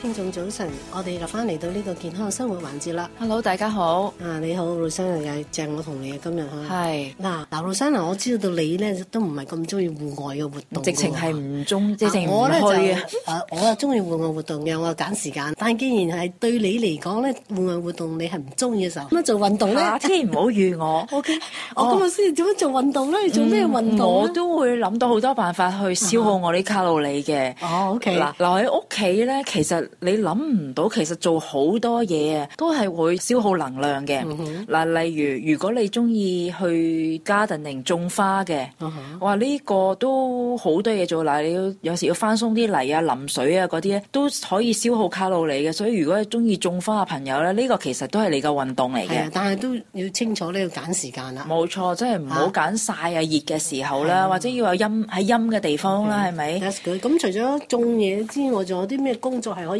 聽眾早晨，我哋落翻嚟到呢個健康嘅生活環節啦。Hello，大家好。啊，你好，盧生又係正我同你是啊，今日吓。係嗱，劉盧生啊，我知道到你咧都唔係咁中意戶外嘅活動，直情係唔中，直情唔去嘅。誒，我又中意戶外活動嘅，我又揀時間，但係既然係對你嚟講咧，戶外活動你係唔中意嘅時候，咁樣做運動咧、啊，千祈唔好預我。O Okay . K，、oh. 我今日先要做乜做運動咧？做咩運動？我都會諗到好多辦法去消耗我啲卡路里嘅。哦，O K。嗱、huh. oh, okay.，留喺屋企咧，其實。你諗唔到，其實做好多嘢啊，都係會消耗能量嘅。嗱、嗯哼，例如如果你中意去 gardening 種花嘅，我話呢、嗯哼呢個都好多嘢做。啦你有時要翻鬆啲泥啊、淋水啊嗰啲都可以消耗卡路里嘅。所以如果中意種花嘅朋友咧，呢、呢個其實都係你嘅運動嚟嘅、啊。但係都要清楚呢要揀時間啦。冇錯，即係唔好揀晒啊熱嘅、啊、時候啦，或者要有陰喺陰嘅地方啦，係咪？That's good。咁除咗種嘢之外，仲有啲咩工作係可以？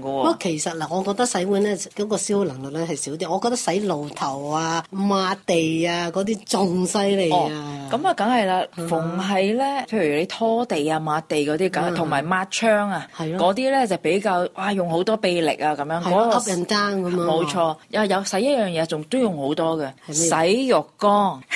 不過其實嗱，我覺得洗碗咧嗰、這個消耗能量咧係少啲，我覺得洗爐頭啊、抹地啊嗰啲仲犀利啊！咁、哦、啊，梗係啦，逢係咧，譬如你拖地啊、抹地嗰啲咁，同埋、啊、抹窗啊，嗰啲咧就比較哇，用好多臂力啊咁樣，吸人丹咁啊！冇錯，又有洗一樣嘢仲都用好多嘅，洗浴缸。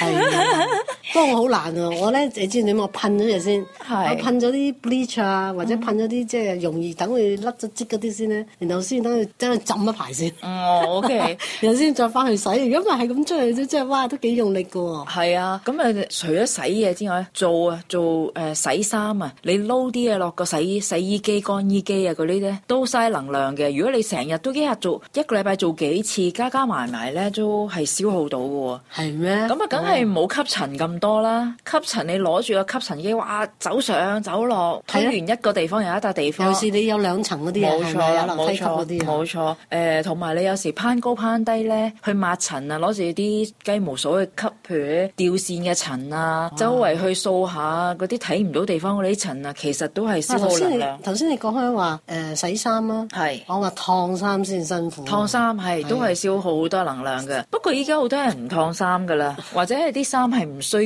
不過我好難啊。我咧你知你我，是我噴咗嘢先，我噴咗啲 bleach 啊，或者噴咗啲即係容易等佢甩咗漬嗰啲先咧，然後先等佢將佢浸一排先。哦、嗯、，OK， 然後先再翻去洗。如果唔係咁出去都即係，哇，都幾用力㗎喎。係啊，咁誒，除咗洗嘢之外，做啊做誒、呃、洗衫啊，你撈啲嘢落個洗洗衣機、乾衣機啊嗰啲咧，都嘥能量嘅。如果你成日都一日做一個禮拜做幾次，加加埋埋咧，都、就、係、是、消耗到㗎喎。係咩嗎？咁啊、嗯，梗係冇吸塵咁多啦，吸塵你攞住個吸塵機，哇，走上走落，睇完一個地方有一笪地方，有時、欸、你有兩層嗰啲嘢，冇錯冇啲。冇錯。誒，同埋、呃、你有時攀高攀低咧，去抹塵啊，攞住啲雞毛掃去吸血、吊線嘅塵啊，哦、周圍去掃下嗰啲睇唔到地方嗰啲塵啊，其實都係消耗能量。頭先、啊、你頭先你講開話、呃、洗衫啦、啊，係是我話燙衫先辛苦、啊，燙衫係都係消耗好多能量嘅。的不過依家好多人唔燙衫噶啦， 或者係啲衫係唔需。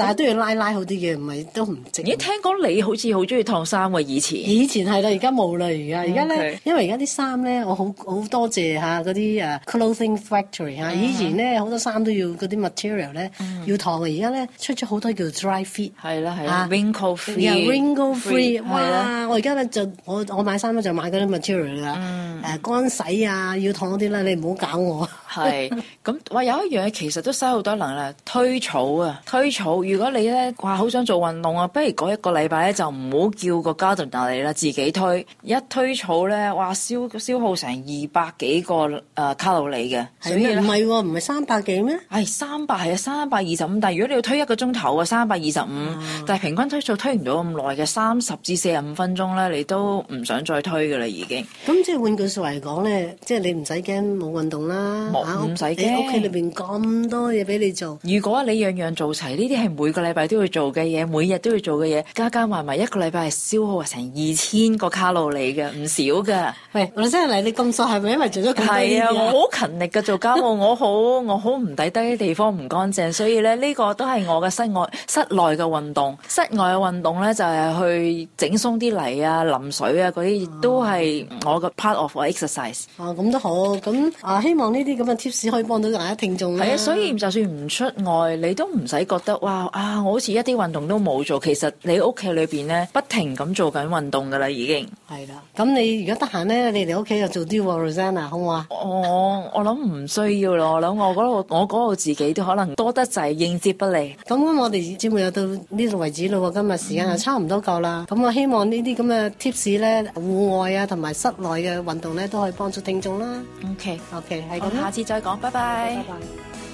但係都要拉拉好啲嘅，唔係都唔整。咦？聽講你好似好中意燙衫喎，以前。以前係啦，而家冇啦，而家而家咧，因為而家啲衫咧，我好好多謝嚇嗰啲 clothing factory 嚇。以前咧好多衫都要嗰啲 material 咧要燙嘅，而家咧出咗好多叫 dry fit 係啦係啦，wrinkle free，wrinkle free。哇！我而家咧就我我買衫咧就買嗰啲 material 啦，乾洗啊要燙嗰啲啦，你唔好搞我。係咁，哇！有一樣嘢其實都嘥好多能量，推草啊，推草。如果你咧話好想做運動啊，不如嗰一個禮拜咧就唔好叫個 gardener 帶你啦，自己推一推草咧，哇消消耗成二百幾個誒、呃、卡路里嘅。係唔係？唔係喎，唔係三百幾咩？係三百係啊，三百二十五。300, 25, 但係如果你要推一個鐘頭啊，三百二十五。但係平均推草推唔到咁耐嘅，三十至四十五分鐘咧，你都唔想再推嘅啦，已經。咁即係換句説話嚟講咧，即係你唔使驚冇運動啦，唔使驚。屋企裏邊咁多嘢俾你做，如果你樣樣做齊呢啲係。每個禮拜都要做嘅嘢，每日都要做嘅嘢，加加埋埋一個禮拜係消耗成二千個卡路里嘅，唔少嘅。喂，老師，你咁瘦係咪因為做咗咁多嘢？係啊，我好勤力嘅做家務， 我好，我好唔抵得啲地方唔乾淨，所以咧呢個都係我嘅室外、 室內嘅運動。室外嘅運動咧就係去整鬆啲泥啊、淋水啊嗰啲，都係我嘅 part of exercise。哦，咁都好。咁啊，希望呢啲咁嘅 tips 可以幫到大家聽眾啦。係啊，所以就算唔出外，你都唔使覺得哇～哦、啊！我好似一啲運動都冇做，其實你屋企裏邊咧不停咁做緊運動噶啦，已經係啦。咁你如果得閒咧，你哋屋企就做啲 Rosanna 好唔好啊？我我諗唔需要咯，我諗我覺得我我嗰個自己都可能多得滯，應接不嚟。咁我哋節目又到呢度為止啦，今日時間又差唔多夠啦。咁、嗯、我希望這些呢啲咁嘅 tips 咧，戶外啊同埋室內嘅運動咧，都可以幫助聽眾啦。OK，OK，係咁我下次再講，拜拜。拜拜。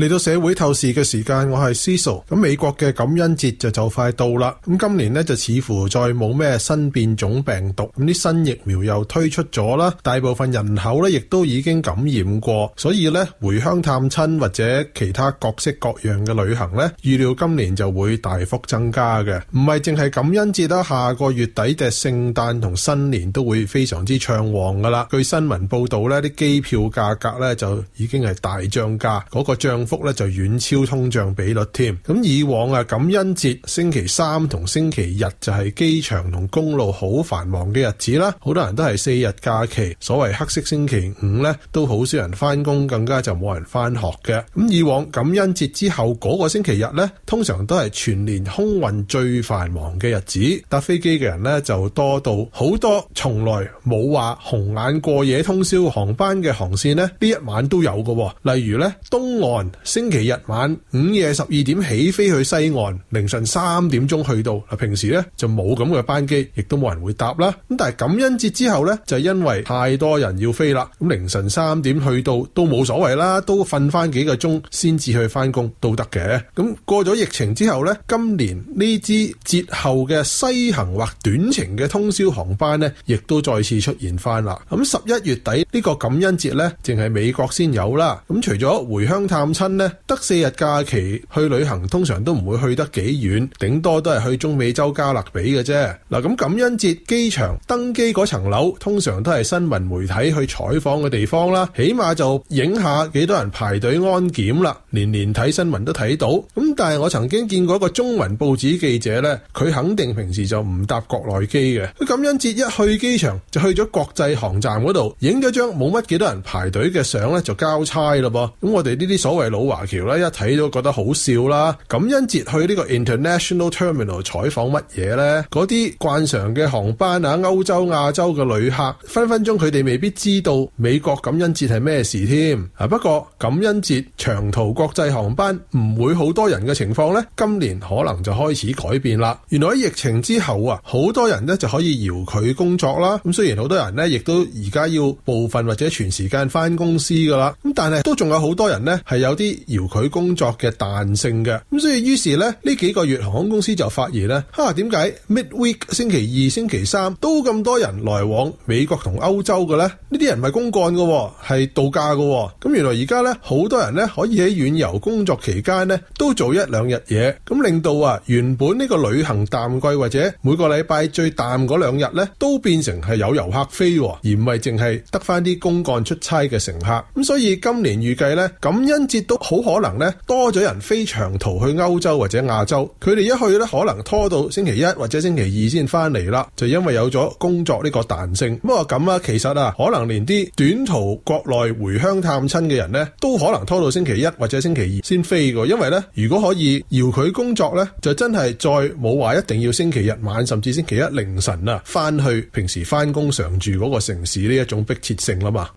嚟到社會透視嘅時間，我係 Ciso。咁美國嘅感恩節就就快到啦。咁今年呢，就似乎再冇咩新變種病毒，咁啲新疫苗又推出咗啦。大部分人口咧亦都已經感染過，所以呢，回鄉探親或者其他各式各樣嘅旅行呢，預料今年就會大幅增加嘅。唔係淨係感恩節啦，下個月底嘅聖誕同新年都會非常之暢旺噶啦。據新聞報道呢，啲機票價格呢，就已經係大漲價，嗰個漲幅咧就遠超通脹比率添，咁以往啊感恩節星期三同星期日就係機場同公路好繁忙嘅日子啦，好多人都係四日假期，所謂黑色星期五呢，都好少人返工，更加就冇人返學嘅。咁以往感恩節之後嗰個星期日呢，通常都係全年空運最繁忙嘅日子，搭飛機嘅人呢，就多到好多，從來冇話紅眼過夜通宵航班嘅航線呢，呢一晚都有㗎，例如呢東岸。星期日晚午夜十二點起飛去西岸，凌晨三點鐘去到。嗱，平時咧就冇咁嘅班機，亦都冇人會搭啦。咁但係感恩節之後咧，就因為太多人要飛啦，咁凌晨三點去到都冇所謂啦，都瞓翻幾個鐘先至去翻工都得嘅。咁過咗疫情之後咧，今年呢支節後嘅西行或短程嘅通宵航班咧，亦都再次出現翻啦。咁十一月底呢個感恩節咧，淨係美國先有啦。咁除咗回鄉探親。得四日假期去旅行，通常都唔會去得幾遠，頂多都係去中美洲加勒比嘅啫。嗱，咁感恩節機場登機嗰層樓，通常都係新聞媒體去採訪嘅地方啦，起碼就影下幾多人排隊安檢啦。年年睇新聞都睇到，咁但係我曾經見過一個中文報紙記者咧，佢肯定平時就唔搭國內機嘅。佢感恩節一去機場就去咗國際航站嗰度，影咗張冇乜幾多人排隊嘅相咧，就交差咯噃。咁我哋呢啲所謂。老華僑咧一睇都覺得好笑啦！感恩節去呢個 International Terminal 採訪乜嘢呢？嗰啲慣常嘅航班啊，歐洲、亞洲嘅旅客分分鐘佢哋未必知道美國感恩節係咩事添啊！不過感恩節長途國際航班唔會好多人嘅情況呢，今年可能就開始改變啦。原來喺疫情之後啊，好多人咧就可以遙距工作啦。咁雖然好多人呢亦都而家要部分或者全時間翻公司噶啦，咁但係都仲有好多人呢係有啲遙距工作嘅彈性嘅，咁所以於是咧呢幾個月航空公司就發現咧，吓點解 Midweek 星期二、星期三都咁多人來往美國同歐洲嘅咧？呢啲人唔係公幹嘅，哦，係度假嘅，哦。咁原來而家咧好多人咧可以喺遠遊工作期間咧都做一兩日嘢，咁令到啊原本呢個旅行淡季或者每個禮拜最淡嗰兩日咧都變成係有遊客飛，哦，而唔係淨係得翻啲公幹出差嘅乘客。咁所以今年預計咧感恩節。都好可能咧，多咗人飛長途去歐洲或者亞洲，佢哋一去咧，可能拖到星期一或者星期二先翻嚟啦，就因為有咗工作呢個彈性。咁啊咁啊，其實啊，可能連啲短途國內回鄉探親嘅人咧，都可能拖到星期一或者星期二先飛噶。因為咧，如果可以搖佢工作咧，就真係再冇話一定要星期日晚甚至星期一凌晨啊翻去平時翻工常住嗰個城市呢一種迫切性啦嘛。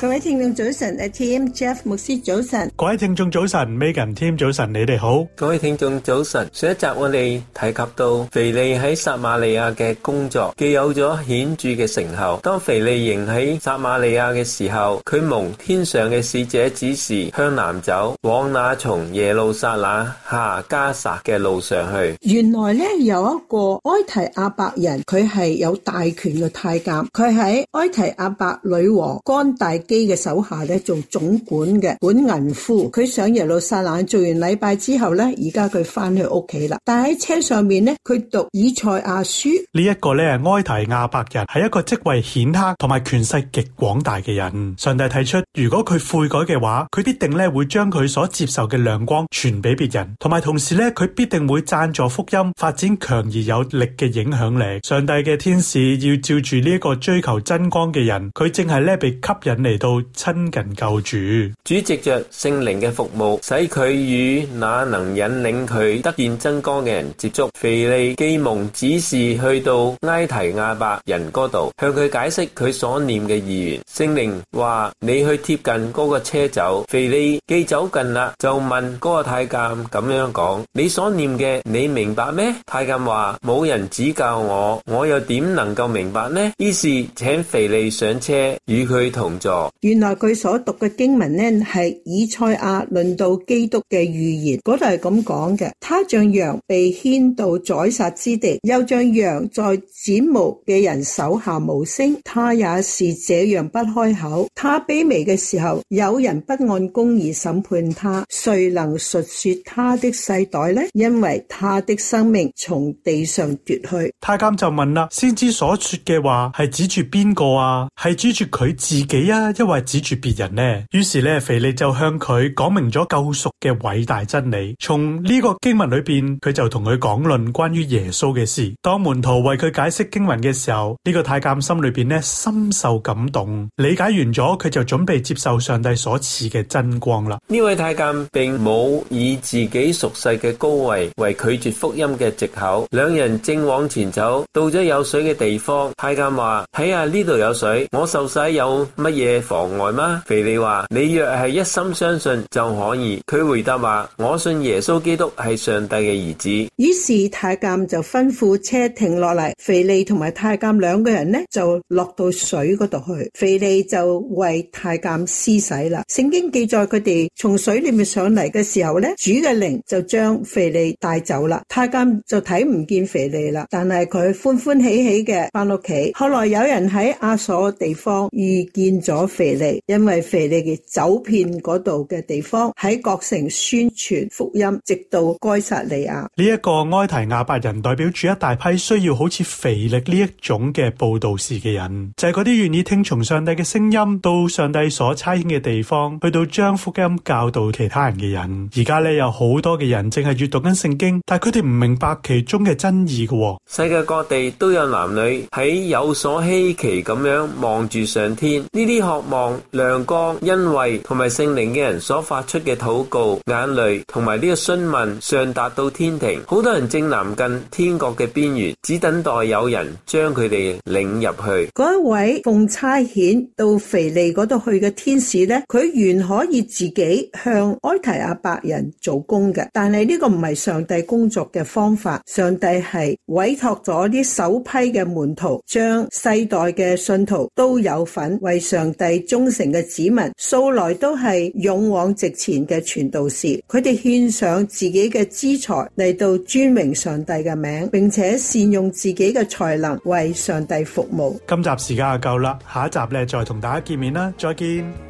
各位聽眾早晨，阿 T M Jeff 牧師早晨。各位聽眾早晨，Megan Team 早晨，你哋好。各位聽眾早晨。上一集我哋提及到腓利喺撒瑪利亞嘅工作，既有咗顯著嘅成效。當腓利仍喺撒瑪利亞嘅時候，佢蒙天上嘅使者指示，向南走，往那從耶路撒冷下加薩嘅路上去。原來呢有一個埃提阿伯人，佢係有大權嘅太監，佢喺埃提阿伯女王干大，嘅手下咧做總管嘅，管銀夫，佢上耶路撒冷做完禮拜之後咧，而家佢翻去屋企啦。但喺車上面咧，佢讀以賽亞書。呢一個咧埃提亞伯人，係一個職位顯赫同埋權勢極廣大嘅人。上帝提出，如果佢悔改嘅話，佢必定咧會將佢所接受嘅亮光傳俾別人，同埋同時咧佢必定會贊助福音發展強而有力嘅影響力。上帝嘅天使要照住呢一個追求真光嘅人，佢正係咧被吸引嚟到親近救主，主藉着聖靈嘅服務，使佢與那能引領佢得見真光嘅人接觸。腓利既蒙指示去到埃提亞伯人嗰度，向佢解釋佢所念嘅意願。聖靈話：你去貼近嗰個車走。腓利既走近啦，就問嗰個太監咁樣講：你所念嘅你明白咩？太監話：冇人指教我，我又點能夠明白呢？於是請腓利上車，與佢同坐。原來佢所讀嘅經文呢，係以賽亞論到基督嘅預言，嗰度係咁講嘅。他像羊被牽到宰殺之地，又像羊在剪毛嘅人手下無聲，他也是這樣不開口。他卑微嘅時候，有人不按公義審判他，誰能述說他的世代呢？因為他的生命從地上奪去。太監就問啦：先知所說嘅話係指住邊個啊？係指住佢自己啊？因為指住別人咧，於是咧，腓力就向佢講明咗救贖嘅偉大真理。從呢個經文裏邊，佢就同佢講論關於耶穌嘅事。當門徒為佢解釋經文嘅時候，呢個太監心裏邊咧深受感動，理解完咗，佢就準備接受上帝所賜嘅真光啦。呢位太監並冇以自己熟世嘅高位為拒絕福音嘅借口。兩人正往前走，到咗有水嘅地方，太監話：睇下呢度有水，我受洗有乜嘢妨礙嗎？腓利話：你若係一心相信就可以。佢回答話：我信耶穌基督係上帝嘅兒子。於是太監就吩咐車停落嚟，腓利同埋太監兩個人呢就落到水嗰度去。腓利就為太監施洗啦。聖經記載佢哋從水裏面上嚟嘅時候呢，主嘅靈就將腓利帶走啦。太監就睇唔見腓利啦，但係佢歡歡喜喜嘅返屋企。後來有人喺阿索地方遇見咗。腓力，因為腓力嘅走遍嗰度嘅地方，喺各城宣傳福音，直到該撒利亞。呢一個埃提亞伯人代表住一大批需要好似腓力呢一種嘅布道士嘅人，就係嗰啲願意聽從上帝嘅聲音，到上帝所差遣嘅地方，去到將福音教導其他人嘅人。而家咧有好多嘅人淨係閱讀緊聖經，但係佢哋唔明白其中嘅真義嘅，世界各地都有男女喺有所稀奇咁樣望住上天，呢啲學。望亮光、恩惠同埋聖靈嘅人所發出嘅禱告、眼淚同埋呢個詢問，上達到天庭。好多人正南近天國嘅邊緣，只等待有人將佢哋領入去。嗰一位奉差遣到腓利嗰度去嘅天使咧，佢原可以自己向埃提阿伯人做工嘅，但係呢個唔係上帝工作嘅方法。上帝係委託咗啲首批嘅門徒，將世代嘅信徒都有份為上帝。係忠誠嘅子民，素來都係勇往直前嘅傳道士。佢哋獻上自己嘅資財嚟到尊榮上帝嘅名，並且善用自己嘅才能為上帝服務。今集時間就夠啦，下一集咧再同大家見面啦，再見。